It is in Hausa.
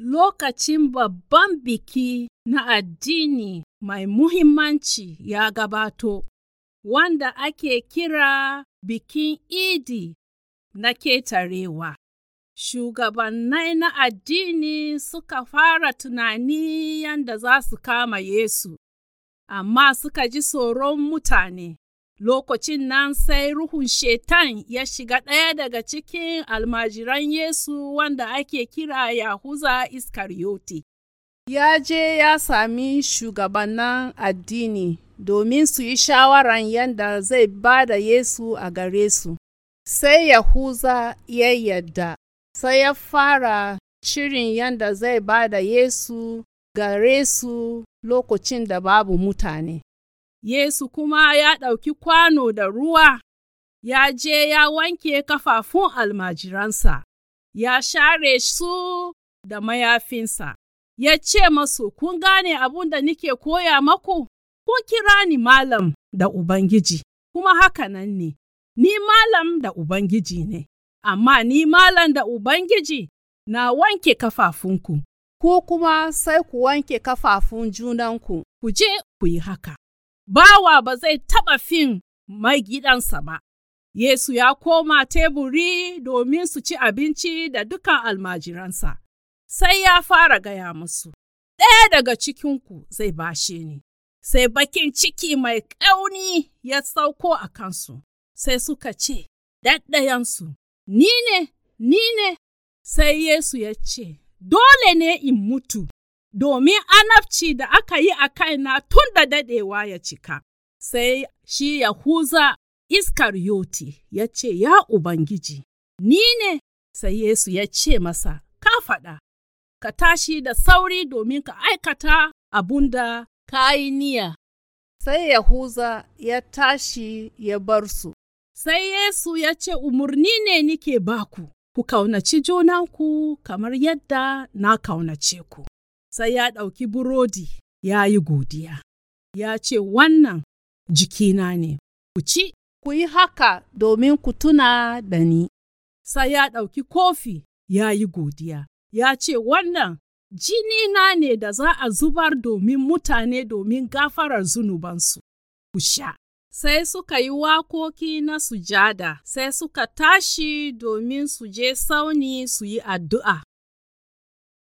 Lokacin babban biki na addini mai muhimmanci ya gabato, wanda ake kira Bikin Idi na Ketarewa, shugabannai na addini suka fara tunani yadda za su kama Yesu, amma suka ji tsoron mutane. Lokacin nan sai ruhun Shetan ya shiga ɗaya daga cikin almajiran Yesu wanda ake kira Yahuza Iskariyoti. Ya je ya sami shugabannin addini domin su yi shawaran yadda zai ba da Yesu a gare su. Sai Yahuza ya yadda, sai ya fara shirin yadda zai ba da Yesu gare su lokacin da babu mutane. Yesu kuma ya ɗauki kwano da ruwa, ya je ya wanke kafafun almajiransa, ya share su da mayafinsa, ya ce masu, Kun gane abun da nike koya maku, kun kira ni Malam da Ubangiji, kuma haka nan ne, ni Malam da Ubangiji ne, amma ni Malam da Ubangiji na wanke kafafunku, ko kuma sai ku wanke kafafun junanku, ku je ku yi haka. bawa ba zai taɓa fin mai gidansa ba. Yesu ya koma teburi domin su ci abinci da dukan almajiransa, sai ya fara gaya musu, ɗaya daga cikinku zai bashe ni, sai bakin ciki mai ƙauni ya sauko a kansu, sai suka ce, ɗaɗɗayansu, ni ne, ni ne, sai Yesu ya ce, dole ne in mutu, domin anabci da aka yi a kaina tun da daɗewa ya cika. Sai shi Yahuza iskar yoti ya ce, Ya Ubangiji, ni ne? Sai Yesu ya ce masa, Ka faɗa, ka tashi da sauri domin ka aikata abun da ka yi niyya. Sai Yahuza ya tashi ya bar su. Sai Yesu ya ce, Umarni ne nike baku, ku kaunaci junanku kamar yadda na kaunace ku. sai ya ɗauki burodi ya yi godiya, ya ce wannan jikina ne, ku ci, ku yi haka domin ku tuna da ni. Sai ya ɗauki kofi ya yi godiya, ya ce wannan jinina ne da za a zubar domin mutane domin gafarar zunubansu, ku sha. sai suka yi wakoki na sujada, sai suka tashi domin su je sauni su yi addu'a.